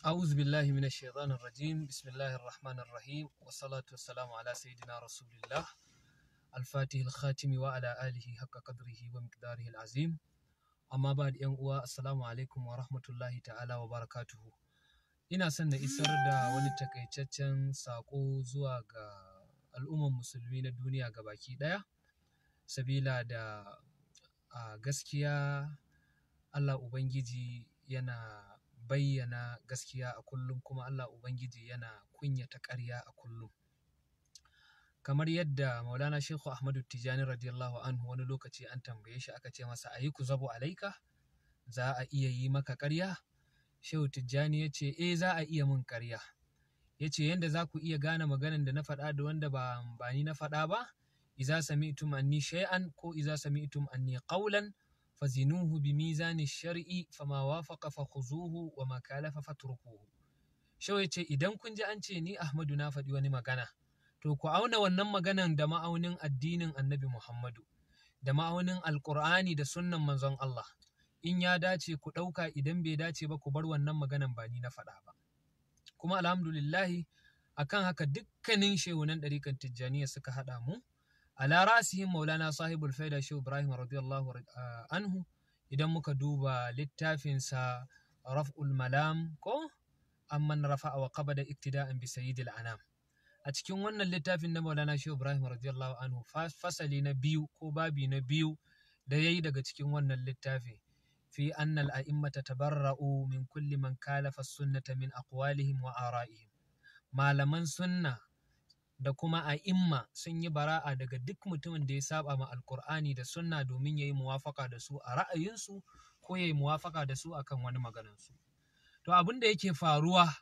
أعوذ بالله من الشيطان الرجيم بسم الله الرحمن الرحيم والصلاة والسلام على سيدنا رسول الله الفاتح الخاتم وعلى آله حق قدره ومقداره العظيم أما بعد ينقوى السلام عليكم ورحمة الله تعالى وبركاته ina سنة na isar da wani takaitaccen saƙo zuwa ga al'umman musulmi na duniya ga baki ɗaya sabila da bayyana gaskiya a kullum kuma Allah Ubangiji yana kunyata ƙarya a kullum. Kamar yadda Maulana Shehu Ahmadu Tijani radiyallahu anhu wani lokaci an tambaye shi aka ce masa ayi ku zabo alaika za a iya yi maka ƙarya? Shehu Tijjani ya ce, E, za a iya mun ƙarya. Ya ce, Yadda za ku iya gane maganan da na faɗa da wanda ba, ba ni na faɗa ba, iza sami'tum anni shay'an ko iza sami'tum anni qawlan فزنوه بميزان الشرع فما وافق فخذوه وما كالف فاتركوه شو ce idan kun ji an ce ni Ahmadu na faɗi wani magana to ku auna wannan maganan da ma'aunin addinin Annabi Muhammadu da ma'aunin Alƙur'ani da sunnan manzon Allah in ya dace ku ɗauka idan bai dace ba ku bar wannan maganan ba ni na faɗa ba kuma alhamdulillah akan haka dukkanin shehunan ɗarikan Tijjaniya suka haɗa mu ala rasihim maulana sahibul faida shi ibrahim radiyallahu anhu idan muka duba littafinsa raf'ul malam ko amman rafa'a wa qabada iktida'an bi sayyidil anam a cikin wannan littafin na maulana shi ibrahim radiyallahu anhu fasali na biyu ko babi na biyu da yayi daga cikin wannan littafin fi annal a'immata tabarra'u min kulli man sunnata min aqwalihim wa ara'ihim malaman sunna da kuma a'imma sun yi bara'a daga duk mutumin da ya saba ma alkur'ani da sunna domin ya yi muwafaka da su a ra'ayinsu ko ya yi muwafaka da su akan wani maganansu to abin da yake faruwa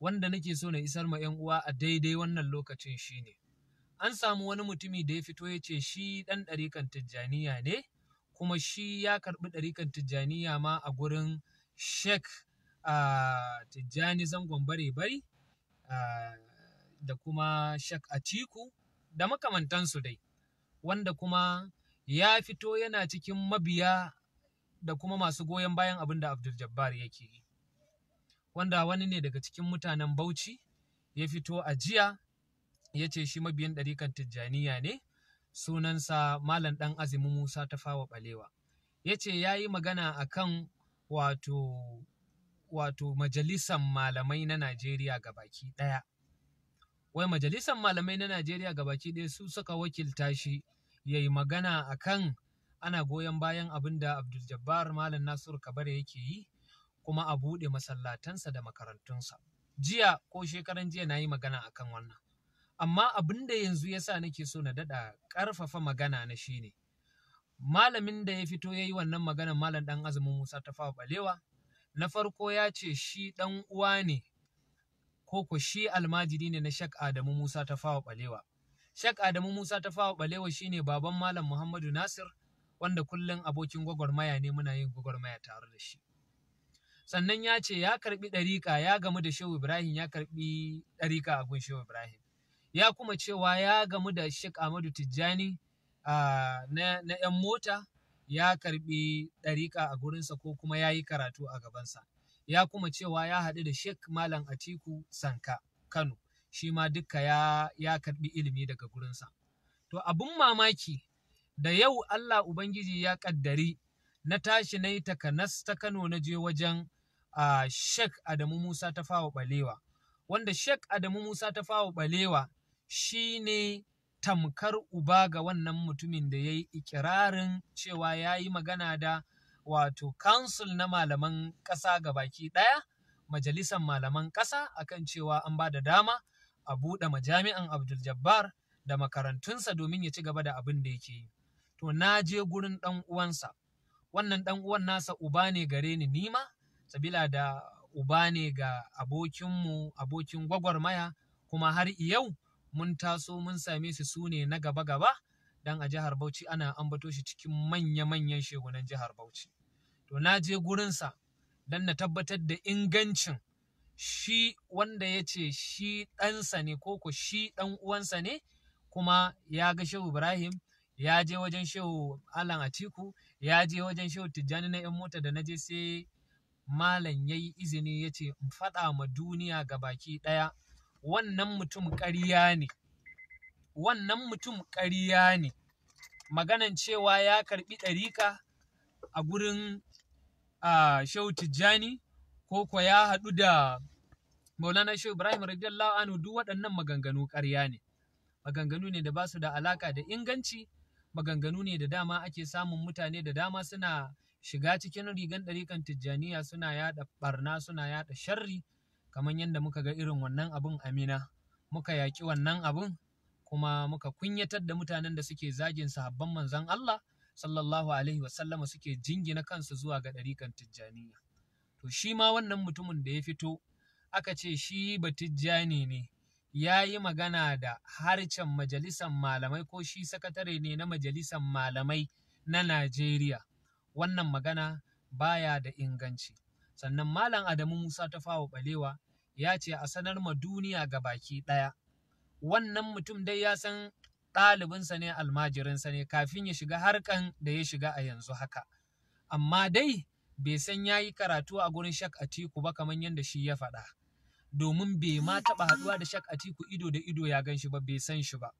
wanda nake so na isar ma 'yan uwa a daidai wannan lokacin shine an samu wani mutumi da ya fito ya ce shi ɗan ɗarikan tijjaniya ne kuma shi ya karɓi ɗarikan tijjaniya ma a gurin Sheikh ah, tijjani zangon bare bari ah, da kuma Shak Atiku da makamantansu dai, wanda kuma ya fito yana cikin mabiya da kuma masu goyon bayan abin da Abdul Jabbar yake yi. Wanda wani ne daga cikin mutanen Bauchi ya fito a jiya ya ce shi mabiyan ɗarikan Tijjaniya ne, sunansa Malam ɗan Azumi Musa ta fawa ɓalewa. Ya ce ya yi magana a kan wato majalisan malamai na Najeriya ga baki ɗaya wai majalisar malamai na Najeriya gabaki ɗaya su suka wakilta shi ya yi magana a kan ana goyon bayan abin da Abdul Jabbar Malam Nasiru Kabare yake yi kuma a buɗe masallatansa da makarantunsa. Jiya ko shekaran jiya na yi magana a kan wannan. Amma abin da yanzu ya sa nake so na daɗa ƙarfafa magana na shi ne. Malamin da ya fito ya yi wannan maganar Malam ɗan azumin Musa ta fawa ɓalewa, na farko ya ce shi ɗan uwa ne ko shi almajiri ne na Shek Adamu Musa ta fawa balewa. Shek Adamu Musa ta fawa balewa ne baban Malam Muhammadu Nasir wanda kullum abokin gwagwarmaya ne muna yin gwagwarmaya tare da shi. Sannan ya ce ya karɓi ɗarika ya gamu da Shehu Ibrahim ya karɓi ɗarika a gun Shehu Ibrahim. Ya kuma cewa ya gamu da Shek Ahmadu Tijjani na 'yan mota ya karɓi ɗarika a gurinsa ko kuma ya yi karatu a gabansa. ya kuma cewa ya haɗu da Sheikh Malam Atiku Sanka Kano shi ma duka ya, ya karɓi ilimi daga gurinsa. To abin mamaki da yau Allah Ubangiji ya ƙaddari na tashi na yi takanas ta Kano na je wajen uh, Sheikh Adamu Musa ta fawa ɓalewa, wanda Sheikh Adamu Musa ta fawa ɓalewa shi ne tamkar uba ga wannan mutumin da ya yi ikirarin cewa ya yi magana da wato council na malaman ƙasa baki ɗaya majalisar malaman ƙasa akan cewa an ba da dama a buɗe majami'an abdul jabbar da makarantunsa domin ya ci gaba da abin da yake yi to na je gurin ɗan uwansa wannan ɗan uwan nasa uba ne gare ni nima sabila da uba ne ga abokinmu abokin gwagwarmaya kuma har yau mun taso mun same su sune na gaba-gaba dan a jihar Bauchi ana ambato shi cikin manya-manyan shegunan jihar Bauchi. To na je gurinsa don na tabbatar da ingancin shi wanda ya ce shi ɗansa ne ko ko shi ɗan uwansa ne kuma ya ga Shehu Ibrahim ya je wajen Shehu Alan Atiku ya je wajen Shehu Tijjani na 'yan mota da na je sai Malam yayi izini ya ce in faɗa ma duniya ga baki ɗaya wannan mutum ƙarya ne. wannan mutum ƙarya ne maganan cewa ya karɓi ɗarika a gurin shehu tijjani ko kuwa ya haɗu da maulana shehu ibrahim radiyallahu anhu duk waɗannan maganganu ƙarya ne maganganu ne da ba su da alaƙa da inganci maganganu ne da dama ake samun mutane da dama suna shiga cikin rigan ɗarikan tijjaniya suna yaɗa ɓarna suna yaɗa sharri kamar yadda muka ga irin wannan abun amina muka yaƙi wannan abun kuma muka kunyatar da mutanen da suke zagin sahabban manzon Allah sallallahu alaihi wasallama suke jingina kansu zuwa ga ɗarikan tijjaniya to shi ma wannan mutumin da ya fito aka ce shi ba tijjani ne ya yi magana da harcen majalisan malamai ko shi sakatare ne na majalisan malamai na Najeriya wannan magana baya da inganci sannan malam Adamu Musa ta fawo balewa ya ce a sanar ma duniya ga baki ɗaya wannan mutum dai ya san ɗalibinsa ne almajirinsa ne kafin ya shiga harkan da ya shiga a yanzu haka amma dai bai san ya yi karatu a gurin shak tiku ba kamar yadda shi ya faɗa domin bai ma taɓa haɗuwa da shak tiku ido da ido ya gan shi ba bai san shi ba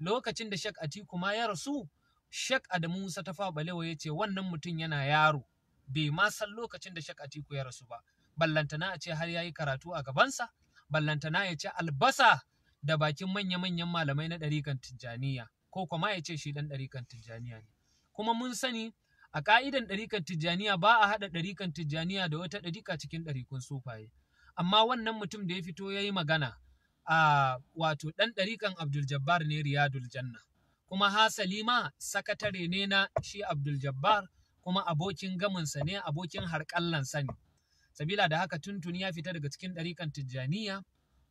lokacin da shak tiku ma ya rasu shak adamu musa ta lewa ya ce wannan mutum yana yaro bai ma san lokacin da shak tiku ya rasu ba ballantana a ce har ya yi karatu a gabansa ballantana ya ce albasa da bakin manya-manyan malamai na ɗarikan Tijjaniya ko kuma ya ce shi ɗan ɗarikan Tijjaniya ne. Kuma mun sani a ƙa'idan ɗarikan Tijjaniya ba a haɗa ɗarikan Tijjaniya da wata ɗarika cikin ɗarikun sufaye. Amma wannan mutum da ya fito ya yi magana a wato ɗan ɗarikan Abdul Jabbar ne Riyadul Janna. Kuma hasali ma sakatare ne na shi Abdul Jabbar kuma abokin gaminsa ne abokin harƙallansa ne. Sabila da haka tuntuni ya fita daga cikin ɗarikan Tijjaniya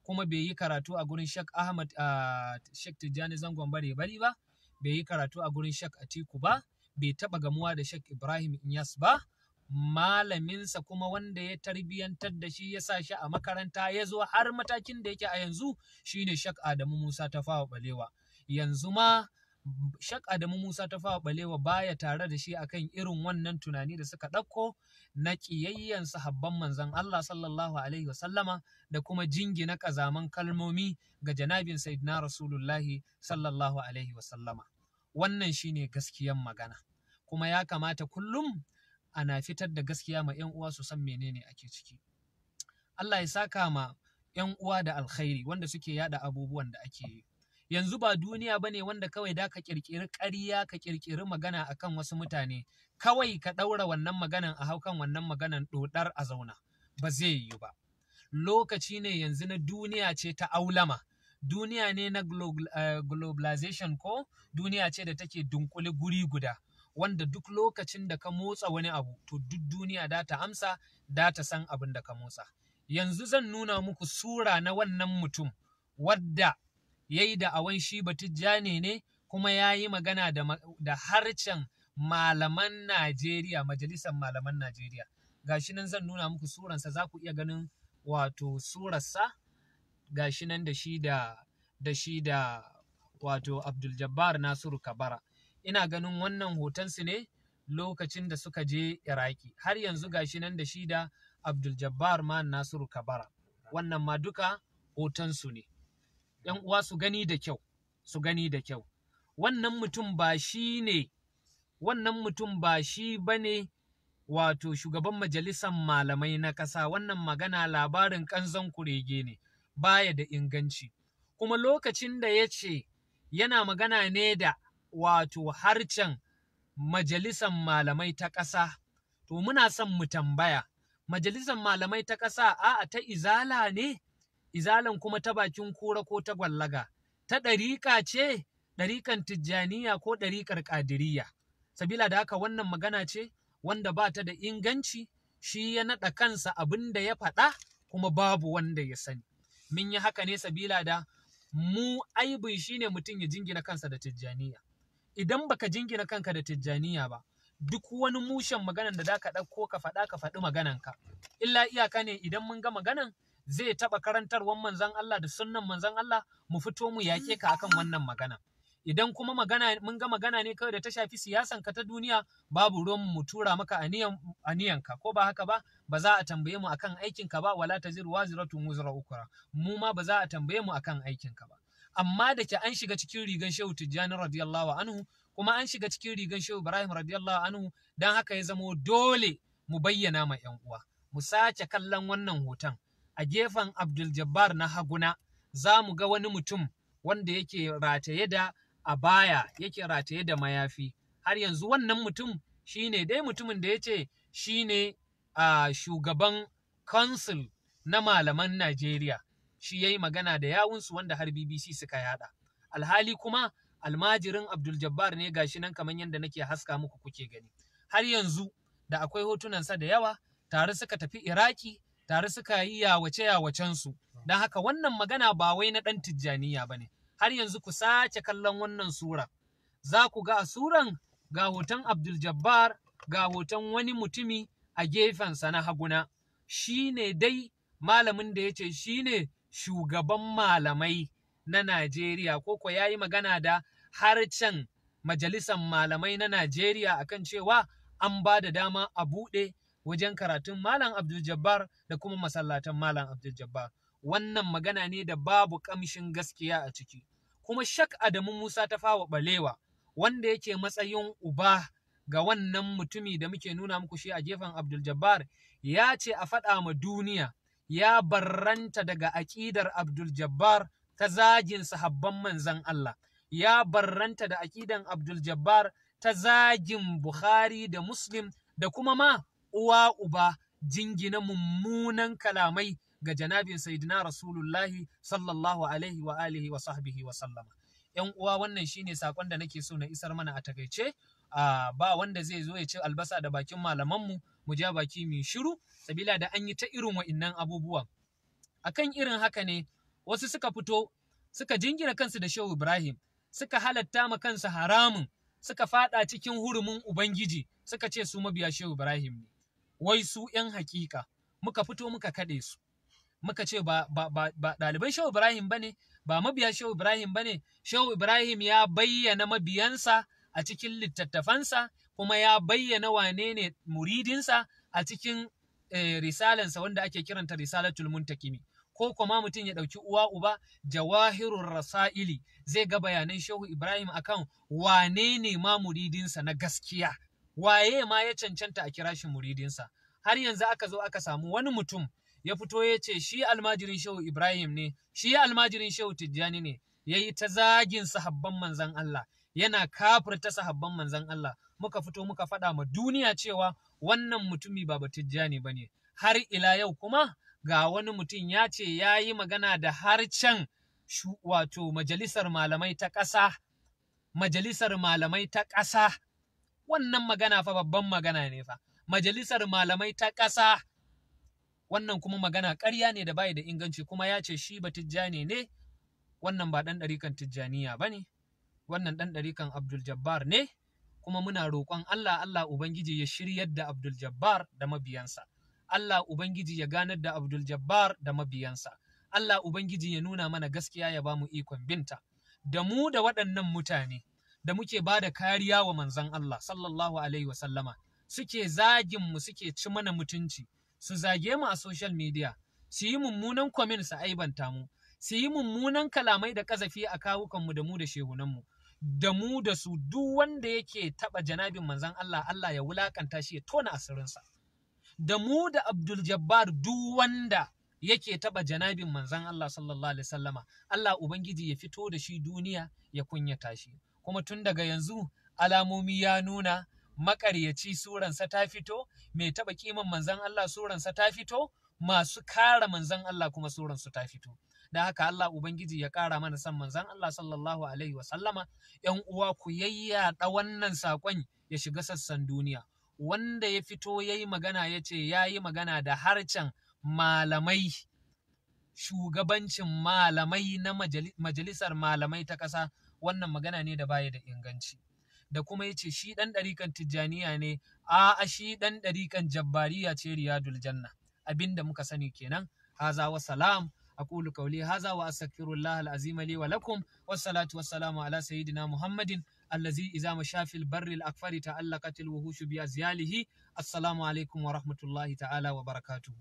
kuma bai yi karatu a gurin Sheikh Ahmad a Sheikh Tijjani Zangon Bare Bari ba bai yi karatu a gurin Sheikh Atiku ba bai taba gamuwa da shek Ibrahim Inyas ba malaminsa kuma wanda ya tarbiyantar da shi ya sa shi a makaranta ya zo har matakin da yake a yanzu shine shek Adamu Musa ta fawa balewa yanzu ma Shak Adamu Musa ta fawa balewa baya tare da shi akan irin wannan tunani da suka ɗauko na ƙiyayyen sahabban manzon Allah sallallahu alaihi wasallama da kuma jingina ƙazaman kalmomi ga janabin Sayyidina Rasulullahi sallallahu alaihi wasallama. Wannan shine gaskiyan magana. Kuma ya kamata kullum ana fitar da gaskiya ma 'yan uwa su san menene ake ciki. Allah ya saka ma 'yan uwa da alkhairi wanda suke yada abubuwan da ake yi. yanzu ba duniya ba ne wanda kawai da ka kirkiri ƙarya ka ƙirƙiri magana a kan wasu mutane kawai ka ɗaura wannan maganan a haukan wannan maganan ɗoɗar a zauna ba zai yiwu ba lokaci ne yanzu na duniya ce ta aulama duniya ne na eh, globalization ko duniya ce da take dunkule guri guda wanda duk lokacin da ka motsa wani abu to duk duniya da ta amsa da ta san abin da ka motsa yanzu zan nuna muku sura na wannan mutum wadda ya yi awon shi batijjane ne kuma ya yi magana da harcen malaman Najeriya, majalisar malaman Najeriya. Gashi nan zan nuna muku suransa za ku iya ganin wato surarsa gashi nan da shi da da shi da wato Abdul Jabbar Nasiru Kabara. Ina ganin wannan hotonsu ne lokacin da suka je Iraki. Har yanzu gashi nan da shi da Abdul Jabbar ma Nasiru Kabara. Wannan ma duka hotonsu ne. ‘yan uwa su gani da kyau, su gani da kyau. Wannan mutum ba shi ne, wannan mutum ba shi ba ne wato shugaban majalisar malamai na ƙasa, wannan magana labarin ƙanzon kurege ne, baya da inganci. Kuma lokacin da ya ce yana magana ne da wato harcen majalisar malamai ta ƙasa, to muna son mu tambaya, majalisar malamai ta ƙasa a'a ta izala ne? izalan kuma ta bakin kura ko ta gwallaga, ta ɗariƙa ce, ɗariƙan tijjaniya ko ɗariƙar ƙadiriya. Sabila da haka wannan magana ce wanda ba ta da inganci, shi ya naɗa kansa abin da ya faɗa kuma babu wanda ya sani. Mun yi haka ne sabila da mu aibin ne mutum ya jingina kansa da tijjaniya. Idan baka jingina kanka da tijjaniya ba, duk wani mushen maganan da za ka ɗauko ka faɗa ka faɗi magananka. Illa iyaka ne idan mun ga maganan zai taɓa karantarwar manzan Allah da sunnan manzan Allah mu fito mu yaƙe ka akan wannan magana. Idan kuma magana mun ga magana ne kawai da ta shafi siyasan ka ta duniya babu ruwan mu tura maka aniyan ka ko ba haka ba ba za a tambaye mu akan aikin ka ba wala taziru waziratun wuzra ukra mu ma ba za a tambaye mu akan aikin ka ba. Amma da ke an shiga cikin rigan Shehu Tijjani radiyallahu anhu kuma an shiga cikin rigan Shehu Ibrahim radiyallahu anhu dan haka ya zama dole mu bayyana ma 'yan uwa mu sace kallon wannan hoton a gefen Abdul Jabbar na haguna za mu ga wani mutum wanda yake rataye da a baya yake rataye da mayafi har yanzu wannan mutum shine dai mutumin da ya ce shine a shugaban council na malaman Najeriya shi ya magana da yawunsu wanda har BBC suka yada alhali kuma almajirin Abdul Jabbar ne gashi nan kamar yadda nake haska muku kuke gani har yanzu da akwai hotunansa da yawa tare suka tafi Iraki tare suka yi yawace su don haka wannan magana ba wai na ɗan tijjaniya ba ne har yanzu ku sace kallon wannan sura za ku ga a suran ga hoton abdul jabbar ga hoton wani mutumi a gefen sa na haguna shi ne dai malamin da ya ce shi ne shugaban malamai na Najeriya ko ko ya yi magana da harcen majalisan malamai na Najeriya akan cewa an ba da dama a buɗe wajen karatun Malam Abdul Jabbar da kuma masallatan Malam Abdul Jabbar. Wannan magana ne da babu ƙamshin gaskiya a ciki. Kuma shak Adamu Musa ta fawa balewa wanda yake matsayin uba ga wannan mutumi da muke nuna muku shi a gefen Abdul Jabbar ya ce a faɗa ma duniya ya barranta daga aƙidar Abdul Jabbar ta zagin sahabban manzan Allah. Ya barranta da aƙidan Abdul Jabbar ta zagin Bukhari da Muslim da kuma ma uwa uba jingina mummunan kalamai ga janabin sayyidina rasulullahi sallallahu alaihi wa alihi wa sahbihi wa sallama yan uwa wannan shine sakon da nake so na isar mana a takaice ba wanda zai zo ya ci albasa da bakin malaman mu mu ja baki mai shiru sabila da an yi ta irin wa'innan abubuwan akan irin haka ne wasu suka fito suka jingina kansu da shehu ibrahim suka halatta ma kansu haramun suka fada cikin hurumin ubangiji suka ce su mabiya shehu ibrahim ne wai su 'yan hakika muka fito muka kaɗe su muka ce ba ɗaliban shehu ibrahim ba ba mabiya shehu ibrahim ba ne shehu ibrahim ya bayyana mabiyansa a cikin littattafansa kuma ya bayyana wane ne muridinsa a cikin eh, risalansa wanda ake kiranta risalatul muntakimi ko kuma mutum ya ɗauki uwa uba jawahirun rasa'ili zai ga bayanan shehu ibrahim akan wane ne ma muridinsa na gaskiya waye ma ya cancanta a kira shi muridinsa har yanzu aka zo aka samu wani mutum ya fito ya ce shi almajirin shehu ibrahim ne shi almajirin shehu tijjani ne ya yi ta zagin sahabban manzan Allah yana kafirta sahabban manzan Allah muka fito muka faɗa ma duniya cewa wannan mutumi ba tijjani ba ne har ila yau kuma ga wani mutum ya ce ya yi magana da harcen wato majalisar malamai ta ƙasa majalisar malamai ta ƙasa wannan magana fa babban magana ne fa majalisar malamai ta ƙasa wannan kuma magana ƙarya ne da bai da inganci kuma ya ce shi ba tijjani ne wannan ba ɗan ɗarikan tijjaniya ba ne wannan ɗan ɗarikan abdul jabbar ne kuma muna roƙon allah allah ubangiji ya shiryar da abdul jabbar da mabiyansa allah ubangiji ya ganar da abdul jabbar da mabiyansa allah ubangiji ya nuna mana gaskiya ya ba mu ikon binta da mu da waɗannan mutane da muke ba da kariya wa manzan Allah sallallahu alaihi wasallama suke zagin mu suke ci mana mutunci su zage mu a social media su yi mummunan kwamin su aibanta mu su yi mummunan kalamai da kazafi a kawukanmu da mu da shehunanmu da mu da su duk wanda yake taba janabin manzan Allah Allah ya wulakanta shi ya tona asirinsa da mu da Abdul Jabbar duk wanda yake taba janabin manzan Allah sallallahu alaihi wasallama Allah ubangiji ya fito da shi duniya ya kunyata shi kuma tun daga yanzu alamomi ya nuna maƙaryaci suransa ta fito mai taɓa kiman manzan Allah suransa ta fito masu kara manzan Allah kuma suransu ta fito da haka Allah Ubangiji ya ƙara mana san manzan Allah sallallahu alaihi wasallama ‘yan uwa ku yayyada wannan saƙon ya shiga sassan duniya wanda ya fito ya yi magana ya ce ya yi magana da harcen malamai shugabancin malamai na majalisar malamai ta ƙasa wannan magana ne da baya da inganci da kuma ya ce shi ɗan ɗarikan tijjaniya ne a shi ɗan ɗarikan jabbariya ce riyadul janna abin da muka sani kenan haza wa salam aqulu qawli haza wa astaghfirullah alazim li wa lakum wassalatu wassalamu ala sayidina muhammadin allazi iza mashafil barril akfari ta'allaqatil bi azyalihi assalamu alaikum wa ta'ala wa barakatuh